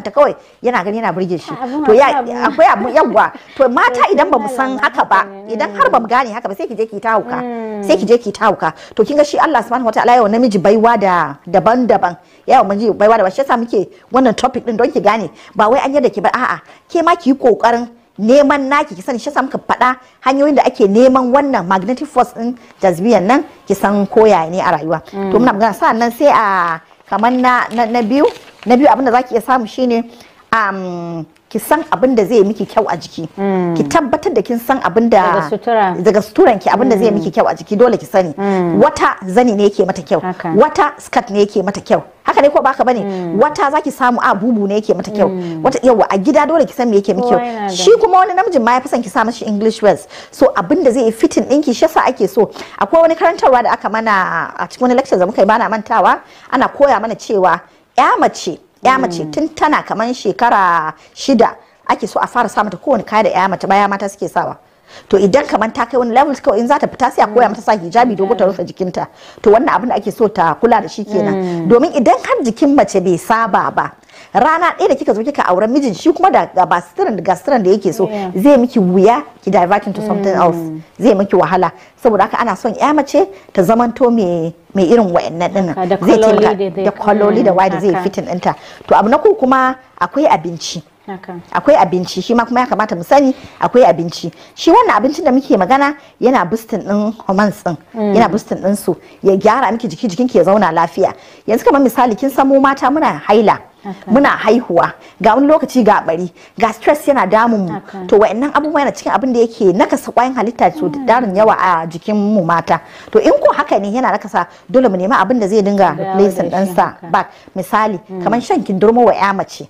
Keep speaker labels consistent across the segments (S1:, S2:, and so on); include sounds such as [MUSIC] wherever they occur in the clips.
S1: kanta kawai yana gani yana burge shi to ya akwai abu yawa to [LAUGHS] mata idan bamu san haka ba idan har bamu gane haka ba sai ki je ki ta hauka hmm. sai ki je ki ta hauka to kin ga shi Allah subhanahu wataala yawa namiji baiwa da daban-daban yawa namiji baiwa da shi yasa muke wannan topic din don ki gane ba wai an yadda ki ba a'a ke ma ki yi kokarin neman naki ki sani shi yasa muka faɗa hanyoyin da ake neman wannan magnetic force din jazbiyan nan ki san koyaye ne a rayuwa to hmm. muna magana sa'an nan sai a kamar na na biyu na biyu abinda zaki iya samu shine um, ki san abin da zai miki kyau a jiki mm. ki tabbatar da kin san abin daga sutura suturan ki abin zai mm. miki kyau a jiki dole ki sani mm. wata zani ne yake mata kyau wata skirt ne yake mata kyau haka ne ko baka bane mm. wata zaki samu a bubu ne yake mata kyau wata yawa a gida dole ki san me yake miki kyau shi kuma wani namijin ma ya fi ki sa mashi english words so abin da zai yi fitin dinki shasa ake so akwai wani karantarwa da aka mana a cikin wani lecture da muka yi bana mantawa ana koya mana cewa ya mace ya mace mm. tun tana kamar shekara shida ake so a fara samata kowane kaya da ya mace baya mata suke sawa to idan kamar ta kai wani level kawai in za ta fita sai a koya mata sa hijabi dogo ta rufe jikinta to wannan abin da ake so ta kula da shi kenan mm. domin idan har jikin mace bai saba ba rana ɗaya da kika zo kika auren mijin shi kuma da ga sitirin da gastirin da yake so zai miki wuya ki diverting to something mm. else zai miki wahala saboda haka ana son ya mace ta zamanto mai mai irin wayannan dinnan zai taimaka da kwaloli da mm, wai da zai fitin ɗinta to abu na kuma akwai abinci akwai abinci shi ma kuma ya kamata mu sani akwai abinci shi wannan abincin da muke magana yana bustin din hormones din mm. yana bustin din su ya gyara miki jiki ki ya zauna lafiya yanzu kamar misali kin san mu mata muna haila muna haihuwa ga wani lokaci ga bari ga stress yana damun mu to wa'annan abubuwa yana cikin abin da yake nakasa kwayan halitta to darin mm. yawa a jikin mu mata to in ko haka ne yana nakasa dole mu nema abin da zai dinga lesson dan sa ba misali mm. kamar shan kindurmo wa ya mace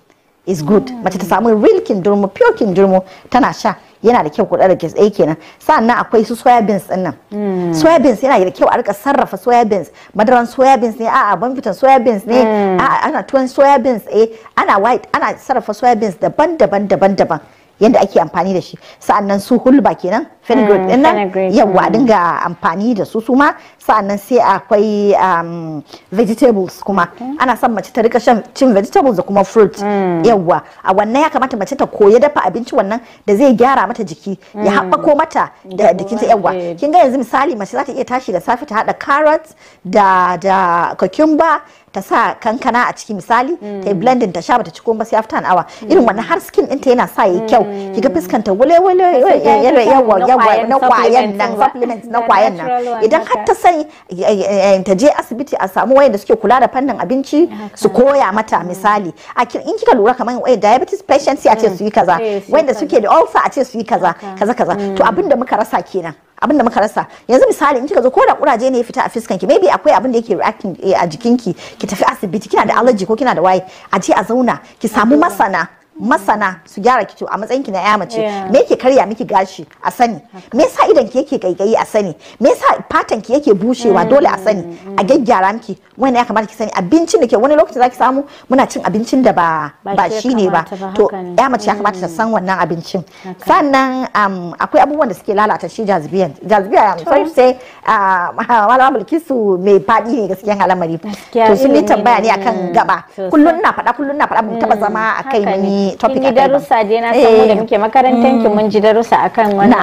S1: is good mace ta samu real kindurmo pure kindurmo tana sha yana da kyau ku da kes kenan sannan akwai su soya beans din nan hmm. soya beans yana da kyau a rika sarrafa soya beans madaran soya beans ne a'a fitan soya beans ne hmm. a'a ana tuwon soya beans eh ana white ana sarrafa soya beans daban-daban daban-daban yadda ake amfani da shi sa'annan su hulba kenan fenugreek din nan yawa dinga amfani da su suma sa'annan sai akwai um, vegetables kuma ana son mace ta rika cin vegetables da kuma fruit hmm. yawa a wannan ya kamata mace ta koya dafa abinci wannan da zai gyara mata jiki ya hmm. haɓako mata da jikinta yawa kin ga yanzu misali mace za ta iya tashi da safe ta haɗa carrots da da cucumber ta sa kankana a ciki misali ta yi blending ta sha bata ci komai sai after an hour irin wannan har skin din ta yana sa yayi kyau mm. kiga fiskan ta wale wale yawa yawa na kwayan nan supplements na kwayan nan idan har ta sai eh, eh, eh, ta je asibiti a samu wayanda suke kula da fannin abinci su koya mata misali a in kika lura kamar wayan diabetes patients sai a ce mm. su yi kaza wayanda suke da ulcer a ce su yi kaza kaza kaza to mm. abinda muka rasa kenan abin da muka rasa yanzu misali in kika zo ko da kuraje ne ya fita a fiskanki maybe akwai abin da yake reacting eh, a jikinki ki tafi asibiti kina da allergy ko kina da waye a je a zauna ki samu masana masana su gyara kito a matsayin ki na ya mace me yake karya miki gashi a sani me yasa idan ki yake gaigayi a sani me yasa fatan ki yake bushewa mm. dole a sani a gaggyara miki wani ya kamata ki sani abincin da ke wani lokaci zaki samu muna cin abincin da ba ba shine ba to ya mace ya kamata ta mm. san wannan abincin sannan um, akwai abubuwan da suke lalata shi jazibiyan jazibiya sai sai um, [LAUGHS] malama mulkisu mai fadi ne gaskiya al'amari to sun yi tambaya ne akan gaba kullun na faɗa kullun na faɗa mun taba mm. zama a kai ni. wani topic darussa dai na samu da eh, muke makarantar ki mm. mun ji darussa akan wani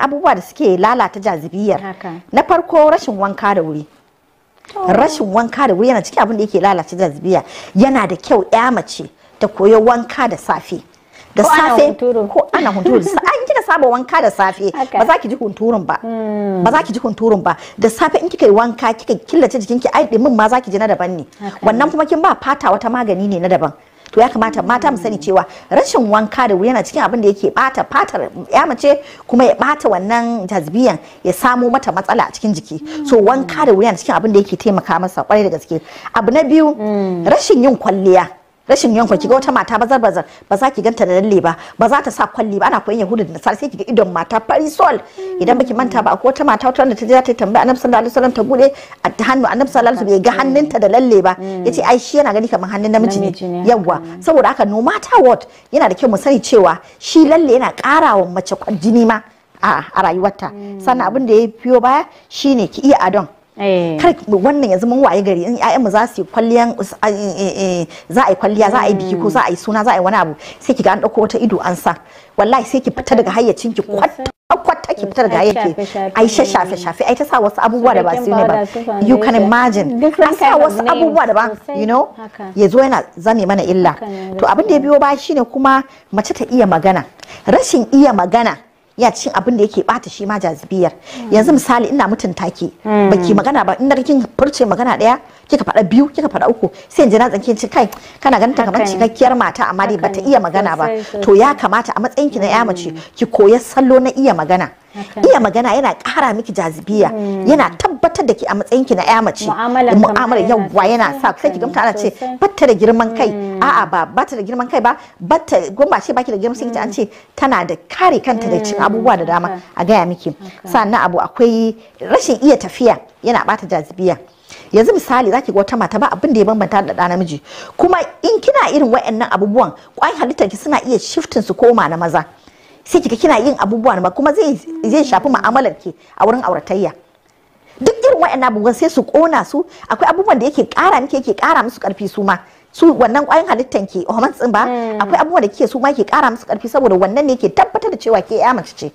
S1: abubuwa mm. suke lalata jazibiyar na farko rashin wanka da wuri yana cikin abin da yake lalata jazibiya yana da kyau ya mace ta koyi wanka da safe da safe ko ana hunturu da safe kika saba wanka da safe ba za ki ji hunturun ba hmm. ba za ki ji hunturun ba da safe in kika yi wanka kika killace jikinki ai dimin ma za ki ji na daban ne wannan kuma kin ba fata wata magani ne na daban to ya kamata mata mu sani cewa rashin wanka da wuri yana cikin abin da yake bata fatar ya mace kuma ya bata wannan jazbiyan ya samo mata matsala a cikin jiki hmm. so wanka da wuri yana cikin abin da yake taimaka masa kwarai da gaske abu na biyu hmm. rashin yin kwalliya rashin ki kiga wata mata bazar bazar ba za ki ganta da lalle ba ba za ta sa kwalli ba ana koyan yahudu da nasara sai kiga idon mata sol. idan baki manta ba akwai wata mata wata wanda ta je ta tambaya annabi sallallahu alaihi wasallam ta bude a ta hannu annabi sallallahu alaihi wasallam ga hannunta da lalle ba hmm. yace ai shi yana gani kamar hannun namiji ne yawa saboda haka no matter what yana da kyau mu sani cewa shi lalle yana karawa mace jini ma a rayuwarta hmm. sannan abin da ya fiyo baya shine ki iya adon Eh. kar wannan yanzu mun waye gari in ƴaƴanmu za su yi kwalliyan eh, eh, za a yi kwalliya za a yi biki ko za a yi suna za a yi wani abu sai ki ga an ɗauko wata ido an sa wallahi sai ki fita daga hayyacin ki kwata ki fita daga hayyacin ai shafe shafe ai ta sa wasu abubuwa da ba su ne ba you can imagine an sa wasu abubuwa da ba you know ya zo yana zame mana illa to abin da ya biyo ba shine kuma mace ta iya magana rashin iya magana ya cin abin da yake bata shi ma jazibiyar yanzu misali ina mutunta ke hmm. baki magana ba in kin furce magana daya kika faɗa biyu kika faɗa uku sai ji na tsanke ci kai kana ganin ta kamar cikakkiyar mata amma dai bata iya magana ba to ya kamata a matsayin ki na ya mm. mace ki koya sallo na iya magana iya magana yana ƙara miki jazibiya mm. yana tabbatar da ki a matsayin ki na ya mace mu'amala yawwa yana sa sai ki gamta ana ce batta da girman kai mm. a'a ba batta da girman kai ba batta gumba ce baki da girman sai an ce tana da kare kanta da cikin abubuwa da dama a gaya miki sannan abu akwai rashin iya tafiya yana bata jazibiya yanzu misali zaki ga wata mata ba abin da ya bambanta da ɗa namiji kuma in kina irin wayannan abubuwan kwayan halittar ki suna iya shiftin su koma na maza sai kika kina yin abubuwa ba kuma zai zai shafi mu'amalar ki a wurin auratayya duk irin wayannan abubuwan sai su kona su akwai abubuwan da yake ƙara miki yake ƙara musu ƙarfi su ma su wannan kwayan halittan ke hormones ba mm. akwai abubuwan da kike su ma ke ƙara musu ƙarfi saboda wannan ne ke tabbatar da cewa ke ya mace ce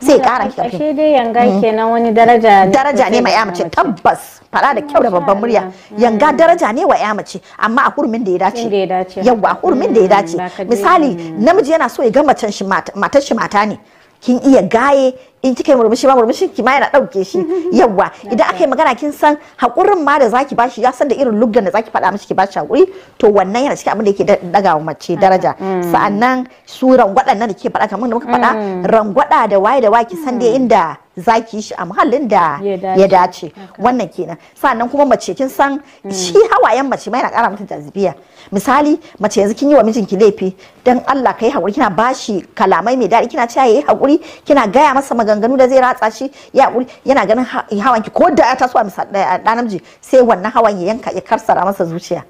S1: sai kara ki ashe dai yanga mm. kenan wani daraja ne daraja ne mai yamace tabbas fara da kyau da babban murya mm. yanga daraja ne wa yamace mace amma a hurumin da ya dace yawa a hurumin da ya dace mm, misali namiji yana so ya ga macen shi mata shi mata ne kin iya gaye in kika yi murmushi ma murmushin ki ma yana dauke shi [LAUGHS] yawa idan aka yi magana kin san haƙurin ma da zaki bashi ya san da irin luggan da zaki faɗa mishi ki bashi hakuri to wannan yana cikin abin da yake daga wa mace daraja mm. sa'annan su rangwada nan da ke faɗa kamar da muka faɗa mm. rangwada da waye da waye ki san da mm. inda zaki shi a muhallin da ya dace wannan kenan sannan kuma mace kin san hmm. shi hawayen mace mai na kara mata jazibiya misali mace yanzu kin yi wa mijinki laifi dan Allah kai hakuri kina bashi kalamai mai daɗi kina cewa yayi hakuri kina gaya masa maganganu da zai ratsa shi ya hakuri yana ganin hawan ki ko da ya taso a misali eh, namiji sai wannan hawan ya yanka ya karsara masa zuciya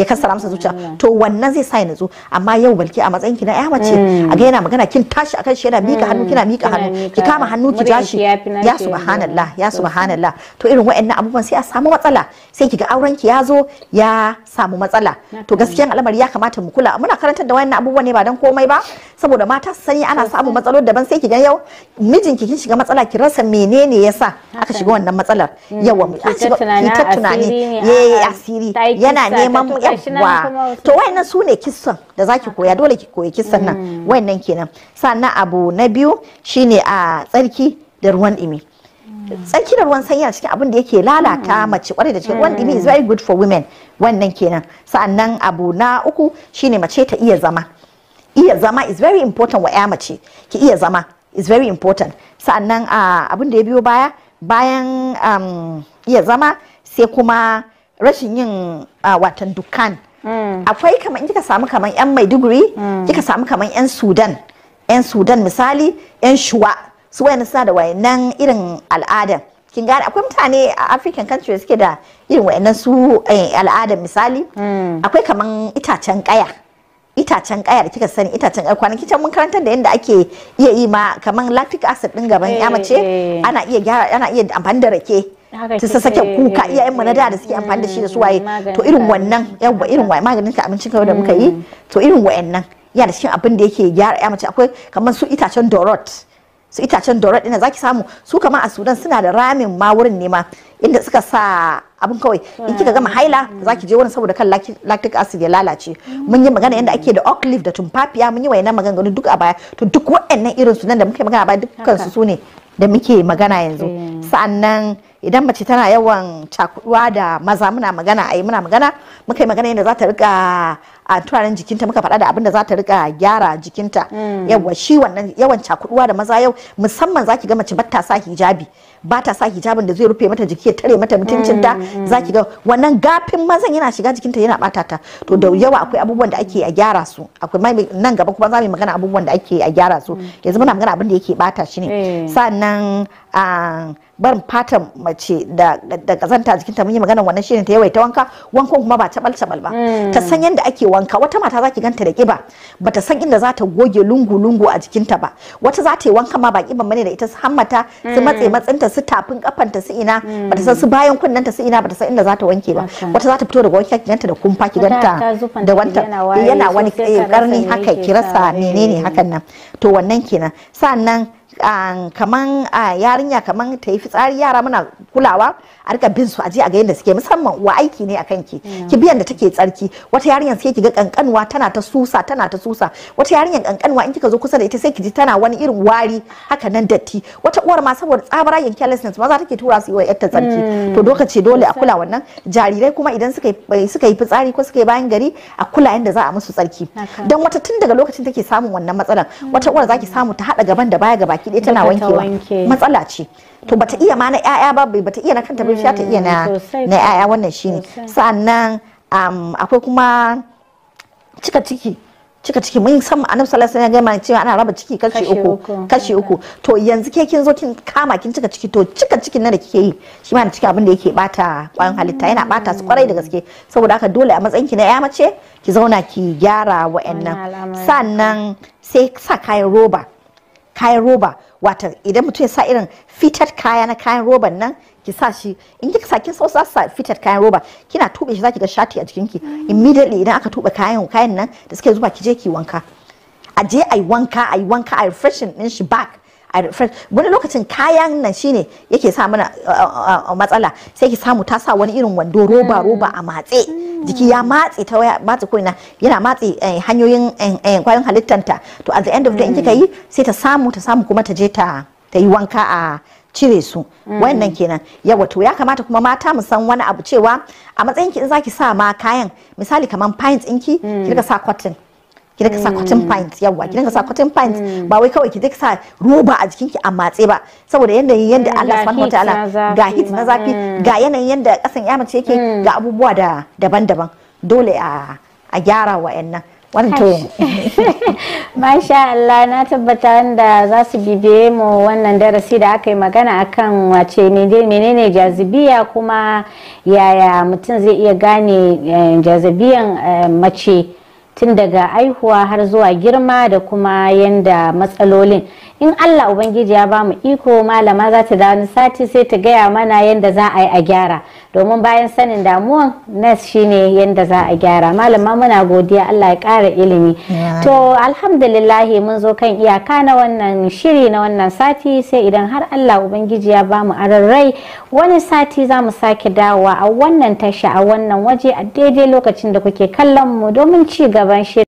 S1: ya kassara masa zuciya mm. to wannan zai sa ya amma yau balki a matsayin ki na ƴa mace mm. a ga yana magana kin tashi akan shi yana mika hannu kina mika mm. hannu ki kama hannu ki tashi ya subhanallah ya subhanallah to irin wa'annan abubuwan sai a samu matsala sai ki ga auren ki ya zo ya samu matsala to gaskiyan al'amari ya kamata mu kula muna karantar da wa'annan abubuwan ne ba dan komai ba saboda mata su sani ana samu matsalolin daban sai ki ga yau mijinki kin shiga matsala ki rasa menene yasa aka shiga wannan matsalar yawa ki ta tunani asiri yana neman to wayannan su ne kissan da zaki koya dole ki koyi kissan nan mm. wayannan kenan sannan abu na biyu shine a tsarki da ruwan dumi mm. tsarki da ruwan sanyi a cikin abin da yake lalata mm. mace kwarai da cikin ruwan dumi is very good for women wannan kenan sannan abu na uku shine mace ta iya zama iya zama is very important wa ya mace ki iya zama is very important sannan abin da ya biyo baya bayan um, iya zama sai kuma rashin yin ah, watan dukkan hmm. akwai kamar kika samu kamar yan maiduguri hmm. kika samu kamar yan sudan yan sudan misali yan shuwa su wayan suna da wayannan irin al'ada kin gane akwai mutane a african country suke da irin wayannan su eh, al'ada misali hmm. akwai kamar itacen kaya itacen kaya da kika sani itacen kaya kwanaki can mun karantar da yadda ake iya yi ma kamar lactic acid din gaban ya eh, mace eh. ana iya gyara ana iya amfani da rake sa sake kuka iyayen mu na da da suke amfani da shi da su waye to irin wannan yawa irin waye maganin ka abincin ka da muka yi mm. to irin wayannan yana da cikin abin da yake gyara ya mace akwai kamar su itacen dorot su itacen dorot ina zaki samu su kamar a sudan suna da ramin ma wurin ne ma inda suka sa abin kawai in kika gama haila mm. zaki je wurin saboda kan lactic acid ya lalace mun yi magana yadda ake da oak leaf da tumfafiya mun yi wayannan maganganu duk a baya to duk waɗannan irin su nan da muka yi magana baya dukkan su su ne da muke magana yanzu eh. sa'annan idan mace tana yawan cakuduwa da maza muna magana ayi muna magana muka yi magana yadda za ta rika a turaren jikinta muka faɗa da abin da za ta rika gyara jikinta hmm. yawa shi wannan yawan cakuduwa da maza yau musamman za ki ga mace batta sa hijabi ba ta sa hijabin da zai rufe mata jiki ya tare mata mutuncin ta mm, mm, mm. zaki ga wannan gafin mazan yana shiga jikinta yana bata ta to da yawa akwai abubuwan da ake a gyara su akwai nan gaba kuma za mu magana abubuwan da ake a gyara su yanzu muna magana abin da yake bata shi ne eh. sannan barin fatan mace da kazanta jikinta mun yi magana wannan shine ta yawaita wanka wankan kuma ba tabal tabal ba ta san yadda ake wanka wata mata zaki ganta da kiba bata san inda za ta goge lungu lungu a jikinta ba wata za ta yi wanka ma ba kiban bane da ita su hammata su matse matsinta su tafin kafanta su ina hmm. bata san su bayan kunnanta su ina bata san inda za ta wanke ba wata za ta fito daga wanke ta da kumfa ki ganta da wanta yana wani eh, karni haka ki rasa eh. menene hakan nan to wannan kenan sannan kaman yarinya kaman ta yi fitsari yara muna kulawa a rika bin su aje a ga yadda suke musamman wa aiki ne akan ki ki biyan da take tsarki wata yarinya sai ki ga kankanwa tana ta susa tana ta susa wata yarinya kankanwa in kika zo kusa da ita sai ki ji tana wani irin wari haka nan datti wata uwar ma saboda tsabara yin carelessness maza take tura su yi wa yarta tsarki hmm. to doka ce dole a kula wannan jarirai kuma idan eh, suka yi fitsari ko suka yi bayan gari a kula yadda za a musu tsarki dan wata tun daga lokacin take samun wannan matsalan hmm. wata uwar zaki samu ta hada gaban da baya gaba baki ɗaya tana wankewa matsala ce to bata iya ma na ƴaƴa ba bata iya na kanta ba ta iya na na ƴaƴa wannan shine sa'annan akwai kuma cika ciki cika ciki mun san annabi sallallahu alaihi wasallam ya cewa ana raba ciki kashi uku kashi uku to yanzu ke kin zo kin kama kin cika ciki to cika cikin nan da kike yi shi ma cika abin da yake bata kwayan halitta yana bata su kwarai da gaske saboda haka dole a matsayin ki na ya mace ki zauna ki gyara wa'annan sannan sai sa kayan roba kayan roba wata idan mutum ya sa irin fitar kaya na kayan roban nan ki sa shi in kika sa kin sa fitar kayan roba kina tube shi zaki ga shati a jikinki immediately idan aka tube kayan kayan nan da suke zuba ki je ki wanka a je ai wanka ai wanka ai refreshing din shi back wani lokacin kayan nan shine yake sa mana uh, uh, uh, matsala sai ki samu ta sa wani irin wando roba mm. roba a matse mm. jiki ya matse ta waya matse ko ina yana matse eh, hanyoyin eh, eh, kwayoyin halittanta to at the end of the in kika yi mm. sai ta samu ta samu kuma ta je ta ta yi wanka a cire su wannan kenan yawa to ya kamata kuma mata mu san wani abu cewa a matsayin ki in zaki sa ma kayan misali kaman pints ɗinki ki rika sa cotton ki dinka sa cotton mm. pint yawa ki dinka sa cotton mm. pint ba wai kawai ki dinka sa roba a jikinki a matse ba saboda yanayin yanda eh, Allah subhanahu wataala ga hit na zafi ga mm. yanayin yanda kasan ya mace yake ga abubuwa da daban-daban dole a a gyara wa'annan wannan to [LAUGHS] masha Allah na tabbata wanda za su bibiye mu wannan darasi da aka yi magana akan wace menene jazibiya kuma yaya mutum zai iya gane eh, jazibiyan eh, mace tun daga aihuwa har zuwa girma da kuma yanda matsalolin in Allah Ubangiji ya bamu iko malama za ta dawo sati sai ta gaya mana yadda za a yi a gyara domin bayan sanin damuwan nas shine yadda za a gyara malama muna godiya Allah ya kara ilimi to alhamdulillahi mun zo kan iyaka na wannan shiri na wannan sati sai idan har Allah Ubangiji ya bamu ararrai wani sati za mu sake dawowa a wannan tasha a wannan waje a daidai lokacin da kuke kallon mu domin ci gaban shirin